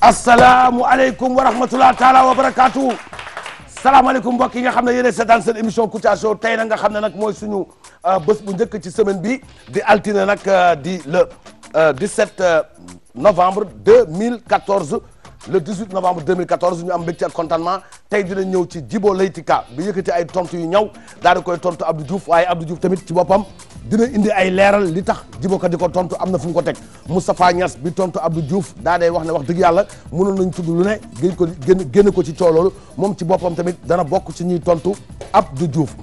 asalaamualeykum wa rahmatulah taalaa wa barakaatu. salaamaaleykum mbokk yi nga xam ne yéen a seetaan seen émission Kouthia Show tey nag nga xam ne nag mooy suñu euh, bés bu njëkk ci semaine bi di altine nag euh, di le 17 euh, novembre 2014 le 18 novembre 2014 ñu am mbégte ak contentement tey dina ñëw ci Djibo Leyti Ka bi yëkkati ay tontu yu ñaw daal koy tontu Abdou Diouf waaye Abdou Diouf tamit ci boppam. dina indi ay leeral li tax Djibo Ka di ko tontu am na fu mu ko teg Moustapha Niass bi tontu Abdou Diouf daa day wax ne wax dëgg yàlla mënoon nañ tudd lu ne génn ko génn génn ko ci cooloolu moom ci boppam tamit dana bokk ci ñuy tontu Abdou Diouf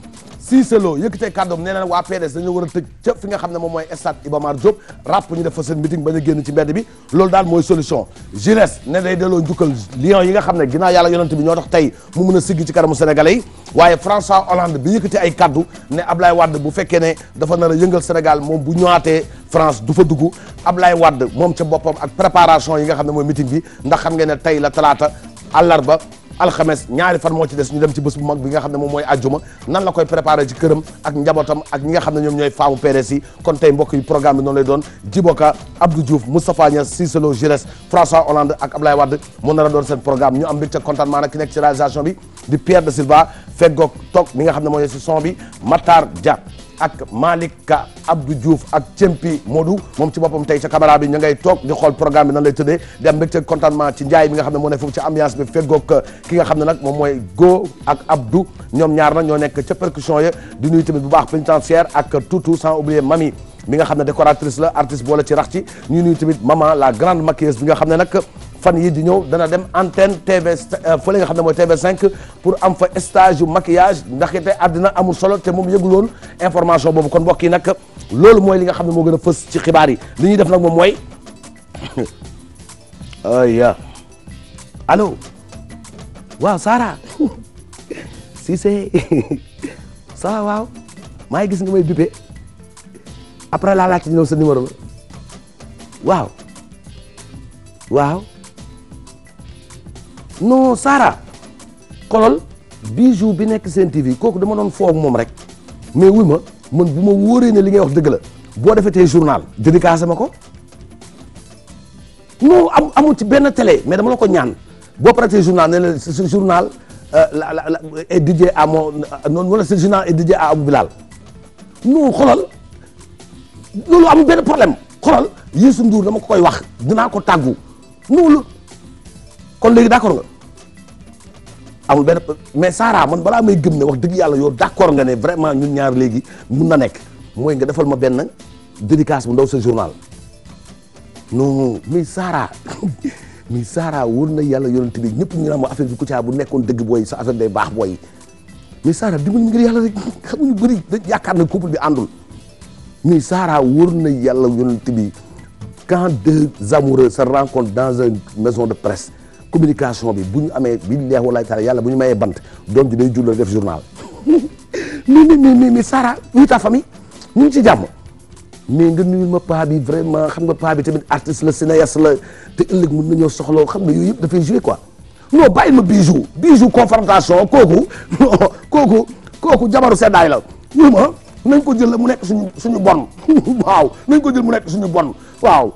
Cisselo yëkkatee kàddoom nee na waa PDS dañoo war a tëj ca fi nga xam ne moom mooy stade Iba Mar Diop ràpp ñu def fa seen meeting bañ génn ci mbedd bi loolu daal mooy solution Jules ne day delloo njukkal Lions yi nga xam ne ginnaaw yàlla yonent bi ñoo tax tey mu a sigg ci kanamu sénégalais waaye François Hollande bi yëkkati ay kaddu ne Ablaye wadd bu fekkee ne dafa nar a yëngal Sénégal moom bu ñëwaatee France du fa dugg Ablaye Wade moom ca boppam ak préparation yi nga xam ne mooy meeting bi ndax xam ngeen ne tey la talaata àllarba alxames ñaari fan moo ci des ñu dem ci bés bu mag bi nga xam ne moom mooy ajjuma nan la koy préparé ci këram ak njabootam ak ñi nga xam ne ñoom ñooy faamu PDS yi kon tey mbokk yi programme bi noonu lay doon Djiboka Abdou Diouf Moustapha Niass Cissé Lô Giresse François Hollande ak Ablaye a doon seen programme ñu am mbégte contentement nag ki feggoog toog mi nga xam ne mooy si son bi Matar Dia ak Malick Ka Abdou Diouf ak Cempi Modou moom ci boppam tey ca caméra bi ngay toog di xool programme bi nan lay tëddee di am mbégte contentement ci njaay bi nga xam ne moo ne foofu ci ambiance bi euh, nga xam ne nag moom mooy Go ak Abdou ñoom ñaar nag ñoo nekk ca percussion ya di nuyu tamit bu baax pénitentiaire ak toutou sans oublier Mami mi nga xam ne décoratrice la artiste boole ci rax ci ñu nuyu tamit maman la grande maquilleuse bi nga xam ne nag fan yi di ñëw dana dem antenne TV euh, fële nga xam ne mooy TV5 pour am fa stage yu maquillage ndaxte àddina amul solo te moom yëgul woon information boobu kon mbokk yi nag loolu mooy li nga xam ne moo gën a fës ci xibaar li ñuy def nag moom mooy oh, aya allo waaw Sara Cissé Sara waaw maa ngi gis nga may bipé après laa laajte ñëw sa numéro waaw non Sara bi bijou bi nekk seen TV kooku dama doon foog moom rek mais wuy ma man bu ma wóoree ne li ngay wax dëgg la boo defetee journal dédicacé ma ko non am amul ci benn télé mais dama la ko ñaan boo paratee journal ne la ce journal euh, la la est dédié à euh, noonu wala ce journal est dédié à Abou Bilal non xolal loolu amul benn problème xolal Youssou Ndour dama ko koy wax dinaa ko tàggu non kon léegi d'accord nga amul mais Sara man balaa may gëm ne wax dëgg yàlla yow d'accord nga ne vraiment ñun ñaar léegi mun na nekk mooy nga defal ma benn dédicace mu ndaw sa journal non mais Sara mais Sara wóor na yàlla yonent bi ñëpp ñu naan ma affaire bi Kouthia bu nekkoon dëgg booy sa affaire booy mais Sara dimbali ngir yàlla rek xam ñu bëri na couple bi àndul mais Sara wóor na yàlla yonent bi quand deux amoureux se rencontrent dans une maison de presse communication bi bu ñu amee billahi wallahi taala yàlla bu ñu mayee bant doom ji day jullal def journal mi mi mi mi mi Sara wuy ta famille ñu ngi ci jàmm mais nga nuyul ma paa bi vraiment xam nga paa bi tamit artiste la cinéaste la te ëllëg mën nañoo soxla xam kooku kooku seddaay la ñu ma nañ ko jël la mu nekk suñu bon waaw nañ ko jël mu nekk suñu bon waaw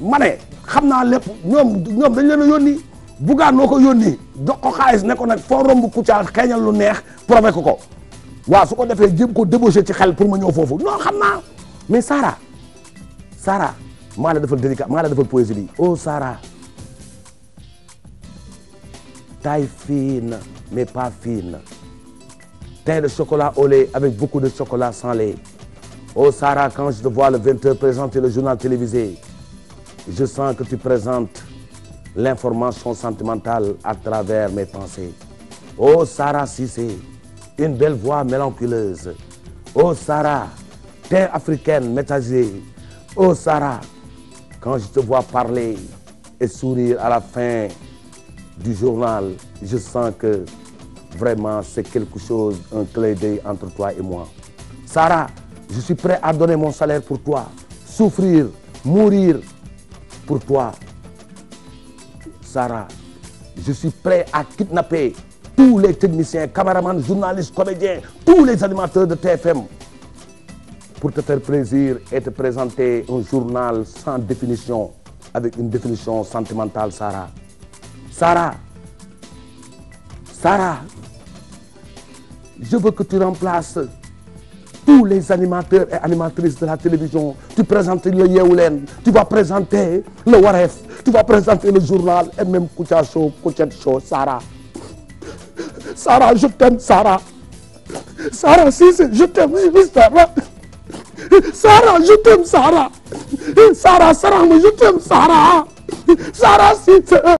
ma ne naa lépp ñoom ñoom dañ leen a yónni Bougane moo ko yónni jox ko xaalis ne ko nag foo romb Kouthia xeeñal lu neex promet ko ko waaw su ko defee jéem ko débauché ci xel pour ma ñëw foofu no xam mais Sara Sara maa la defal délicat maa la defal poésie bi oh Sara taille fine mais pas fine teint de chocolat au lait avec beaucoup de chocolat sans lait oh Sara quand je te vois le 20h présenter le journal télévisé je sens que tu présentes l'information sentimentale à travers mes pensées. Oh Sarah Cissé, une belle voix mélanculeuse. Oh Sarah, terre africaine métagée. Oh Sarah, quand je te vois parler et sourire à la fin du journal, je sens que vraiment c'est quelque chose, un clé d'œil entre toi et moi. Sarah, je suis prêt à donner mon salaire pour toi, souffrir, mourir pour toi. Sarah je suis prêt à kidnapper tous les techniciens caméramans journalistes comédiens tous les animateurs de TFM pour te faire plaisir et te présenter un journal sans définition avec une définition sentimentale Sarah Sarah Sarah je veux que tu remplaces tous les animateurs et animatrices de la télévision tu présentes le Yeewu Leen tu vas présenter le Wareef tu vas présenter le journal et même Kouthia Show Kouthia Show Sarah Sarah je t'aime Sarah Sarah Cissé je t'aime Sarah Sarah je t'aime Sarah Sarah Sarah je t'aime Sarah Sarah Cissé